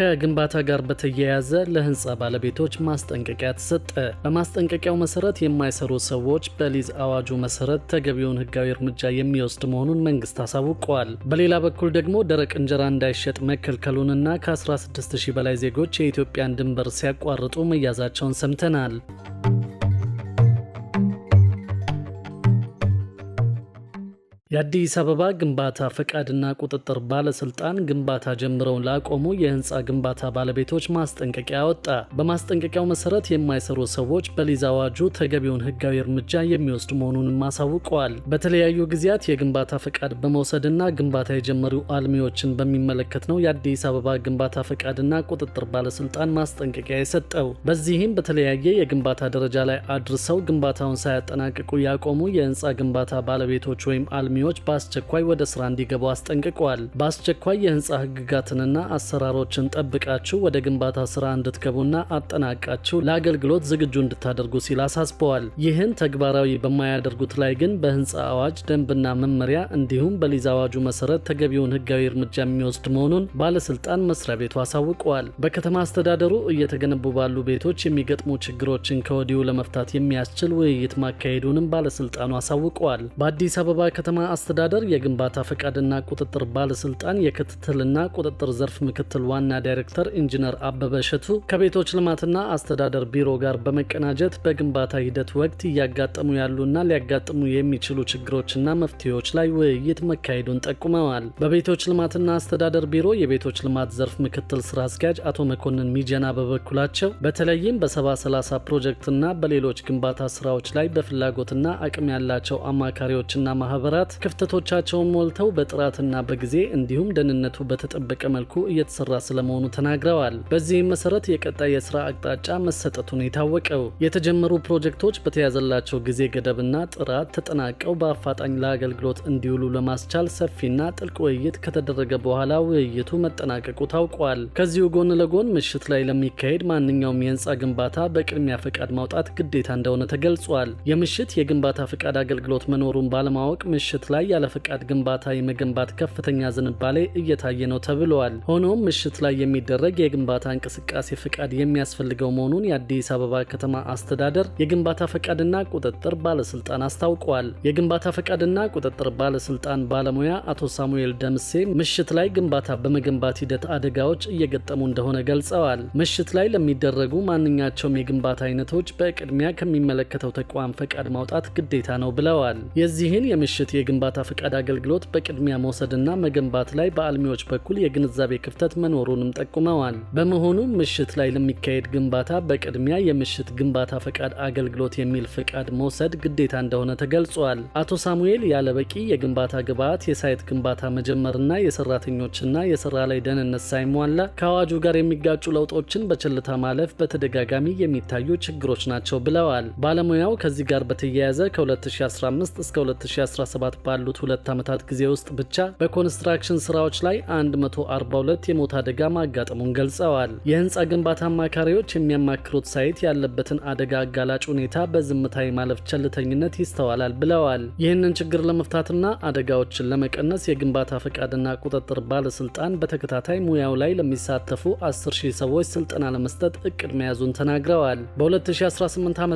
ከግንባታ ጋር በተያያዘ ለህንፃ ባለቤቶች ማስጠንቀቂያ ተሰጠ። በማስጠንቀቂያው መሰረት የማይሰሩ ሰዎች በሊዝ አዋጁ መሰረት ተገቢውን ህጋዊ እርምጃ የሚወስድ መሆኑን መንግስት አሳውቀዋል። በሌላ በኩል ደግሞ ደረቅ እንጀራ እንዳይሸጥ መከልከሉንና ከ16000 በላይ ዜጎች የኢትዮጵያን ድንበር ሲያቋርጡ መያዛቸውን ሰምተናል። የአዲስ አበባ ግንባታ ፈቃድና ቁጥጥር ባለስልጣን ግንባታ ጀምረው ላቆሙ የህንፃ ግንባታ ባለቤቶች ማስጠንቀቂያ ወጣ። በማስጠንቀቂያው መሰረት የማይሰሩ ሰዎች በሊዝ አዋጁ ተገቢውን ህጋዊ እርምጃ የሚወስድ መሆኑንም አሳውቀዋል። በተለያዩ ጊዜያት የግንባታ ፈቃድ በመውሰድና ግንባታ የጀመሩ አልሚዎችን በሚመለከት ነው የአዲስ አበባ ግንባታ ፈቃድና ቁጥጥር ባለስልጣን ማስጠንቀቂያ የሰጠው። በዚህም በተለያየ የግንባታ ደረጃ ላይ አድርሰው ግንባታውን ሳያጠናቅቁ ያቆሙ የህንፃ ግንባታ ባለቤቶች ወይም አልሚ ባለሙያዎች በአስቸኳይ ወደ ስራ እንዲገቡ አስጠንቅቀዋል። በአስቸኳይ የህንፃ ህግጋትንና አሰራሮችን ጠብቃችሁ ወደ ግንባታ ስራ እንድትገቡና አጠናቃችሁ ለአገልግሎት ዝግጁ እንድታደርጉ ሲል አሳስበዋል። ይህን ተግባራዊ በማያደርጉት ላይ ግን በህንፃ አዋጅ ደንብና መመሪያ እንዲሁም በሊዝ አዋጁ መሰረት ተገቢውን ህጋዊ እርምጃ የሚወስድ መሆኑን ባለስልጣን መስሪያ ቤቱ አሳውቀዋል። በከተማ አስተዳደሩ እየተገነቡ ባሉ ቤቶች የሚገጥሙ ችግሮችን ከወዲሁ ለመፍታት የሚያስችል ውይይት ማካሄዱንም ባለስልጣኑ አሳውቀዋል። በአዲስ አበባ ከተማ አስተዳደር የግንባታ ፈቃድና ቁጥጥር ባለስልጣን የክትትልና ቁጥጥር ዘርፍ ምክትል ዋና ዳይሬክተር ኢንጂነር አበበ ሸቱ ከቤቶች ልማትና አስተዳደር ቢሮ ጋር በመቀናጀት በግንባታ ሂደት ወቅት እያጋጠሙ ያሉና ሊያጋጥሙ የሚችሉ ችግሮችና መፍትሄዎች ላይ ውይይት መካሄዱን ጠቁመዋል። በቤቶች ልማትና አስተዳደር ቢሮ የቤቶች ልማት ዘርፍ ምክትል ስራ አስኪያጅ አቶ መኮንን ሚጀና በበኩላቸው በተለይም በሰባ ሰላሳ 30 ፕሮጀክትና በሌሎች ግንባታ ስራዎች ላይ በፍላጎትና አቅም ያላቸው አማካሪዎችና ማህበራት ክፍተቶቻቸውን ሞልተው በጥራትና በጊዜ እንዲሁም ደህንነቱ በተጠበቀ መልኩ እየተሰራ ስለመሆኑ ተናግረዋል። በዚህም መሰረት የቀጣይ የስራ አቅጣጫ መሰጠቱን የታወቀው የተጀመሩ ፕሮጀክቶች በተያዘላቸው ጊዜ ገደብና ጥራት ተጠናቀው በአፋጣኝ ለአገልግሎት እንዲውሉ ለማስቻል ሰፊና ጥልቅ ውይይት ከተደረገ በኋላ ውይይቱ መጠናቀቁ ታውቋል። ከዚሁ ጎን ለጎን ምሽት ላይ ለሚካሄድ ማንኛውም የህንፃ ግንባታ በቅድሚያ ፈቃድ ማውጣት ግዴታ እንደሆነ ተገልጿል። የምሽት የግንባታ ፈቃድ አገልግሎት መኖሩን ባለማወቅ ምሽት ላይ ያለ ግንባታ የመገንባት ከፍተኛ ዝንባሌ እየታየ ነው ተብለዋል። ሆኖም ምሽት ላይ የሚደረግ የግንባታ እንቅስቃሴ ፍቃድ የሚያስፈልገው መሆኑን የአዲስ አበባ ከተማ አስተዳደር የግንባታ ፈቃድና ቁጥጥር ባለስልጣን አስታውቋል። የግንባታ ፈቃድና ቁጥጥር ባለስልጣን ባለሙያ አቶ ሳሙኤል ደምሴ ምሽት ላይ ግንባታ በመገንባት ሂደት አደጋዎች እየገጠሙ እንደሆነ ገልጸዋል። ምሽት ላይ ለሚደረጉ ማንኛቸውም የግንባታ አይነቶች በቅድሚያ ከሚመለከተው ተቋም ፈቃድ ማውጣት ግዴታ ነው ብለዋል። የዚህን የምሽት የግ የግንባታ ፍቃድ አገልግሎት በቅድሚያ መውሰድና መገንባት ላይ በአልሚዎች በኩል የግንዛቤ ክፍተት መኖሩንም ጠቁመዋል። በመሆኑ ምሽት ላይ ለሚካሄድ ግንባታ በቅድሚያ የምሽት ግንባታ ፍቃድ አገልግሎት የሚል ፍቃድ መውሰድ ግዴታ እንደሆነ ተገልጿል። አቶ ሳሙኤል ያለበቂ የግንባታ ግብዓት የሳይት ግንባታ መጀመርና የሰራተኞችና የስራ ላይ ደህንነት ሳይሟላ ከአዋጁ ጋር የሚጋጩ ለውጦችን በችልታ ማለፍ በተደጋጋሚ የሚታዩ ችግሮች ናቸው ብለዋል። ባለሙያው ከዚህ ጋር በተያያዘ ከ2015 እስከ 2017 ባሉት ሁለት ዓመታት ጊዜ ውስጥ ብቻ በኮንስትራክሽን ስራዎች ላይ 142 የሞት አደጋ ማጋጠሙን ገልጸዋል። የህንፃ ግንባታ አማካሪዎች የሚያማክሩት ሳይት ያለበትን አደጋ አጋላጭ ሁኔታ በዝምታ የማለፍ ቸልተኝነት ይስተዋላል ብለዋል። ይህንን ችግር ለመፍታትና አደጋዎችን ለመቀነስ የግንባታ ፈቃድና ቁጥጥር ባለስልጣን በተከታታይ ሙያው ላይ ለሚሳተፉ 10,000 ሰዎች ስልጠና ለመስጠት እቅድ መያዙን ተናግረዋል። በ2018 ዓ ም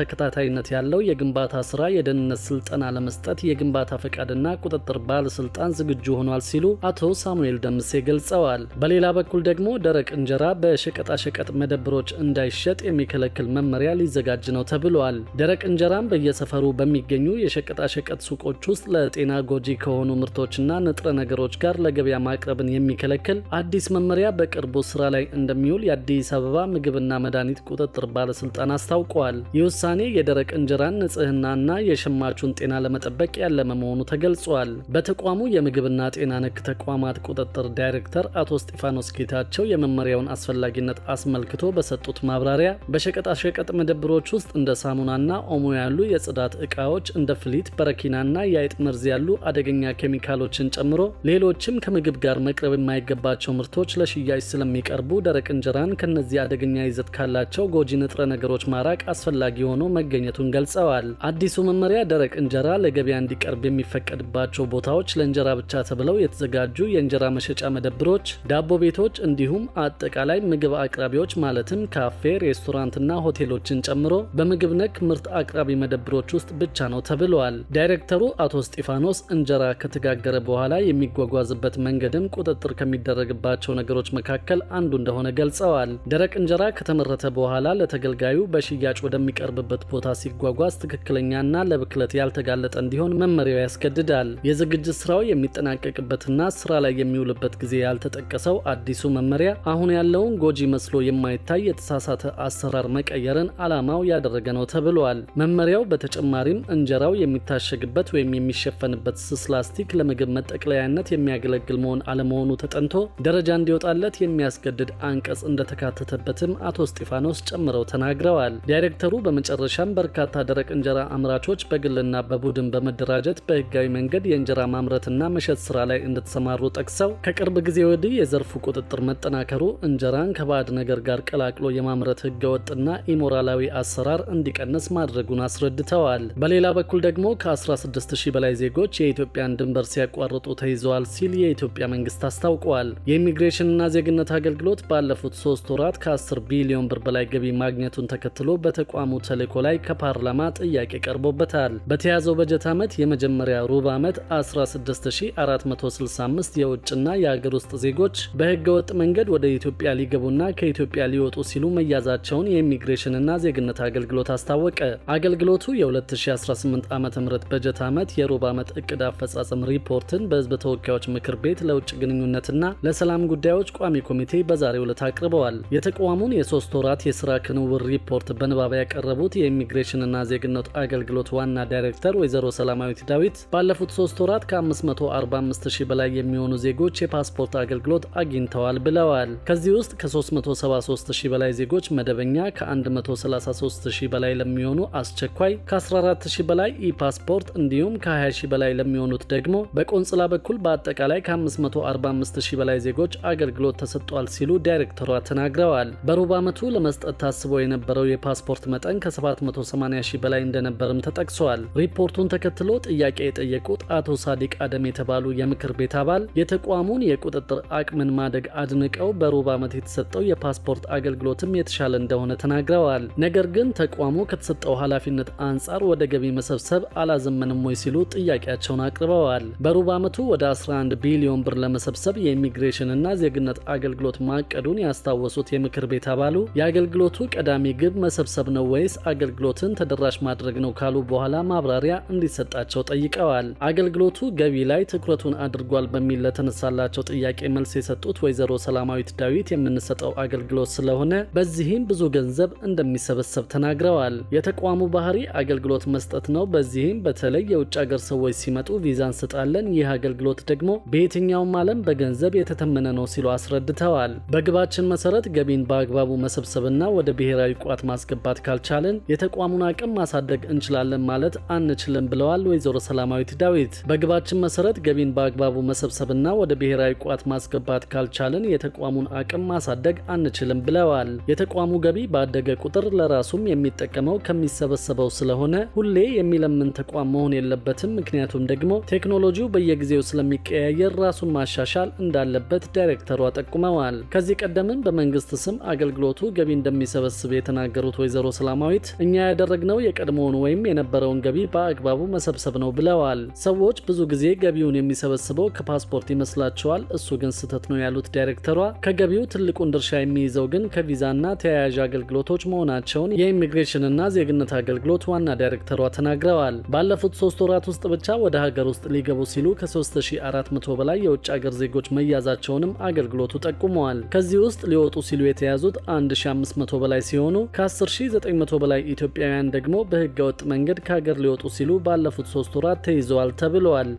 ተከታታይነት ያለው የግንባታ ስራ የደህንነት ስልጠና ለመስጠት የግንባታ ፈቃድና ቁጥጥር ባለስልጣን ዝግጁ ሆኗል ሲሉ አቶ ሳሙኤል ደምሴ ገልጸዋል። በሌላ በኩል ደግሞ ደረቅ እንጀራ በሸቀጣሸቀጥ መደብሮች እንዳይሸጥ የሚከለክል መመሪያ ሊዘጋጅ ነው ተብሏል። ደረቅ እንጀራም በየሰፈሩ በሚገኙ የሸቀጣሸቀጥ ሱቆች ውስጥ ለጤና ጎጂ ከሆኑ ምርቶችና ንጥረ ነገሮች ጋር ለገበያ ማቅረብን የሚከለክል አዲስ መመሪያ በቅርቡ ስራ ላይ እንደሚውል የአዲስ አበባ ምግብና መድኃኒት ቁጥጥር ባለስልጣን አስታውቋል። ይህ ውሳኔ የደረቅ እንጀራን ንጽህናና የሸማቹን ጤና ለመጠበቅ ያለመ መሆኑ ተገልጿል። በተቋሙ የምግብና ጤና ነክ ተቋማት ቁጥጥር ዳይሬክተር አቶ እስጢፋኖስ ጌታቸው የመመሪያውን አስፈላጊነት አስመልክቶ በሰጡት ማብራሪያ በሸቀጣሸቀጥ መደብሮች ውስጥ እንደ ሳሙናና ኦሞ ያሉ የጽዳት ዕቃዎች እንደ ፍሊት፣ በረኪናና የአይጥ መርዝ ያሉ አደገኛ ኬሚካሎችን ጨምሮ ሌሎችም ከምግብ ጋር መቅረብ የማይገባቸው ምርቶች ለሽያጭ ስለሚቀርቡ ደረቅ እንጀራን ከነዚህ አደገኛ ይዘት ካላቸው ጎጂ ንጥረ ነገሮች ማራቅ አስፈላጊ ሆኖ መገኘቱን ገልጸዋል። አዲሱ መመሪያ ደረቅ እንጀራ ለገበያ እንዲቀርብ በሚፈቀድባቸው ቦታዎች ለእንጀራ ብቻ ተብለው የተዘጋጁ የእንጀራ መሸጫ መደብሮች፣ ዳቦ ቤቶች እንዲሁም አጠቃላይ ምግብ አቅራቢዎች ማለትም ካፌ፣ ሬስቶራንትና ሆቴሎችን ጨምሮ በምግብ ነክ ምርት አቅራቢ መደብሮች ውስጥ ብቻ ነው ተብለዋል። ዳይሬክተሩ አቶ እስጢፋኖስ እንጀራ ከተጋገረ በኋላ የሚጓጓዝበት መንገድም ቁጥጥር ከሚደረግባቸው ነገሮች መካከል አንዱ እንደሆነ ገልጸዋል። ደረቅ እንጀራ ከተመረተ በኋላ ለተገልጋዩ በሽያጭ ወደሚቀርብበት ቦታ ሲጓጓዝ ትክክለኛና ለብክለት ያልተጋለጠ እንዲሆን መመሪያ ገበያ ያስገድዳል። የዝግጅት ስራው የሚጠናቀቅበትና ስራ ላይ የሚውልበት ጊዜ ያልተጠቀሰው አዲሱ መመሪያ አሁን ያለውን ጎጂ መስሎ የማይታይ የተሳሳተ አሰራር መቀየርን ዓላማው ያደረገ ነው ተብሏል። መመሪያው በተጨማሪም እንጀራው የሚታሸግበት ወይም የሚሸፈንበት ስስ ላስቲክ ለምግብ መጠቅለያነት የሚያገለግል መሆን አለመሆኑ ተጠንቶ ደረጃ እንዲወጣለት የሚያስገድድ አንቀጽ እንደተካተተበትም አቶ እስጢፋኖስ ጨምረው ተናግረዋል። ዳይሬክተሩ በመጨረሻም በርካታ ደረቅ እንጀራ አምራቾች በግልና በቡድን በመደራጀት በህጋዊ መንገድ የእንጀራ ማምረትና መሸጥ ስራ ላይ እንደተሰማሩ ጠቅሰው ከቅርብ ጊዜ ወዲህ የዘርፉ ቁጥጥር መጠናከሩ እንጀራን ከባዕድ ነገር ጋር ቀላቅሎ የማምረት ህገወጥና ኢሞራላዊ አሰራር እንዲቀንስ ማድረጉን አስረድተዋል። በሌላ በኩል ደግሞ ከ16000 በላይ ዜጎች የኢትዮጵያን ድንበር ሲያቋርጡ ተይዘዋል ሲል የኢትዮጵያ መንግስት አስታውቋል። የኢሚግሬሽንና ዜግነት አገልግሎት ባለፉት ሶስት ወራት ከ10 ቢሊዮን ብር በላይ ገቢ ማግኘቱን ተከትሎ በተቋሙ ተልዕኮ ላይ ከፓርላማ ጥያቄ ቀርቦበታል። በተያዘው በጀት ዓመት የመጀመ የመጀመሪያ ሩብ ዓመት 16465 የውጭና የአገር ውስጥ ዜጎች በህገወጥ መንገድ ወደ ኢትዮጵያ ሊገቡና ከኢትዮጵያ ሊወጡ ሲሉ መያዛቸውን የኢሚግሬሽንና ዜግነት አገልግሎት አስታወቀ። አገልግሎቱ የ2018 ዓ ም በጀት ዓመት የሩብ ዓመት እቅድ አፈጻጸም ሪፖርትን በህዝብ ተወካዮች ምክር ቤት ለውጭ ግንኙነትና ለሰላም ጉዳዮች ቋሚ ኮሚቴ በዛሬው ዕለት አቅርበዋል። የተቋሙን የሶስት ወራት የስራ ክንውር ሪፖርት በንባብ ያቀረቡት የኢሚግሬሽንና ዜግነት አገልግሎት ዋና ዳይሬክተር ወይዘሮ ሰላማዊት ዳዊት ሰራዊት ባለፉት ሶስት ወራት ከ545 ሺህ በላይ የሚሆኑ ዜጎች የፓስፖርት አገልግሎት አግኝተዋል ብለዋል። ከዚህ ውስጥ ከ373 ሺህ በላይ ዜጎች መደበኛ፣ ከ133 ሺህ በላይ ለሚሆኑ አስቸኳይ፣ ከ14 ሺህ በላይ ኢፓስፖርት እንዲሁም ከ20 ሺህ በላይ ለሚሆኑት ደግሞ በቆንጽላ በኩል በአጠቃላይ ከ545 ሺህ በላይ ዜጎች አገልግሎት ተሰጥቷል ሲሉ ዳይሬክተሯ ተናግረዋል። በሩብ ዓመቱ ለመስጠት ታስቦ የነበረው የፓስፖርት መጠን ከ780 ሺህ በላይ እንደነበርም ተጠቅሷል። ሪፖርቱን ተከትሎ ጥያቄ ጥያቄ የጠየቁት አቶ ሳዲቅ አደም የተባሉ የምክር ቤት አባል የተቋሙን የቁጥጥር አቅምን ማደግ አድንቀው በሩብ ዓመት የተሰጠው የፓስፖርት አገልግሎትም የተሻለ እንደሆነ ተናግረዋል። ነገር ግን ተቋሙ ከተሰጠው ኃላፊነት አንጻር ወደ ገቢ መሰብሰብ አላዘመንም ወይ ሲሉ ጥያቄያቸውን አቅርበዋል። በሩብ ዓመቱ ወደ 11 ቢሊዮን ብር ለመሰብሰብ የኢሚግሬሽንና ዜግነት አገልግሎት ማቀዱን ያስታወሱት የምክር ቤት አባሉ የአገልግሎቱ ቀዳሚ ግብ መሰብሰብ ነው ወይስ አገልግሎትን ተደራሽ ማድረግ ነው ካሉ በኋላ ማብራሪያ እንዲሰጣቸው ጠይቀዋል። ጠይቀዋል። አገልግሎቱ ገቢ ላይ ትኩረቱን አድርጓል በሚል ለተነሳላቸው ጥያቄ መልስ የሰጡት ወይዘሮ ሰላማዊት ዳዊት የምንሰጠው አገልግሎት ስለሆነ በዚህም ብዙ ገንዘብ እንደሚሰበሰብ ተናግረዋል። የተቋሙ ባህሪ አገልግሎት መስጠት ነው። በዚህም በተለይ የውጭ ሀገር ሰዎች ሲመጡ ቪዛ እንሰጣለን። ይህ አገልግሎት ደግሞ በየትኛውም ዓለም በገንዘብ የተተመነ ነው ሲሉ አስረድተዋል። በግባችን መሰረት ገቢን በአግባቡ መሰብሰብና ወደ ብሔራዊ ቋት ማስገባት ካልቻለን የተቋሙን አቅም ማሳደግ እንችላለን ማለት አንችልም ብለዋል ወይዘሮ ሰላማዊት ዳዊት በግባችን መሰረት ገቢን በአግባቡ መሰብሰብና ወደ ብሔራዊ ቋት ማስገባት ካልቻልን የተቋሙን አቅም ማሳደግ አንችልም ብለዋል። የተቋሙ ገቢ ባደገ ቁጥር ለራሱም የሚጠቀመው ከሚሰበሰበው ስለሆነ ሁሌ የሚለምን ተቋም መሆን የለበትም። ምክንያቱም ደግሞ ቴክኖሎጂው በየጊዜው ስለሚቀያየር ራሱን ማሻሻል እንዳለበት ዳይሬክተሯ ጠቁመዋል። ከዚህ ቀደምም በመንግስት ስም አገልግሎቱ ገቢ እንደሚሰበስብ የተናገሩት ወይዘሮ ሰላማዊት እኛ ያደረግነው የቀድሞውን ወይም የነበረውን ገቢ በአግባቡ መሰብሰብ ነው ብለዋል። ሰዎች ብዙ ጊዜ ገቢውን የሚሰበስበው ከፓስፖርት ይመስላቸዋል፣ እሱ ግን ስህተት ነው ያሉት ዳይሬክተሯ፣ ከገቢው ትልቁን ድርሻ የሚይዘው ግን ከቪዛና ተያያዥ አገልግሎቶች መሆናቸውን የኢሚግሬሽንና ዜግነት አገልግሎት ዋና ዳይሬክተሯ ተናግረዋል። ባለፉት ሶስት ወራት ውስጥ ብቻ ወደ ሀገር ውስጥ ሊገቡ ሲሉ ከ3400 በላይ የውጭ አገር ዜጎች መያዛቸውንም አገልግሎቱ ጠቁመዋል። ከዚህ ውስጥ ሊወጡ ሲሉ የተያዙት 1500 በላይ ሲሆኑ ከ10900 በላይ ኢትዮጵያውያን ደግሞ በህገወጥ መንገድ ከሀገር ሊወጡ ሲሉ ባለፉት ሶስት በማውራት ተይዘዋል ተብለዋል።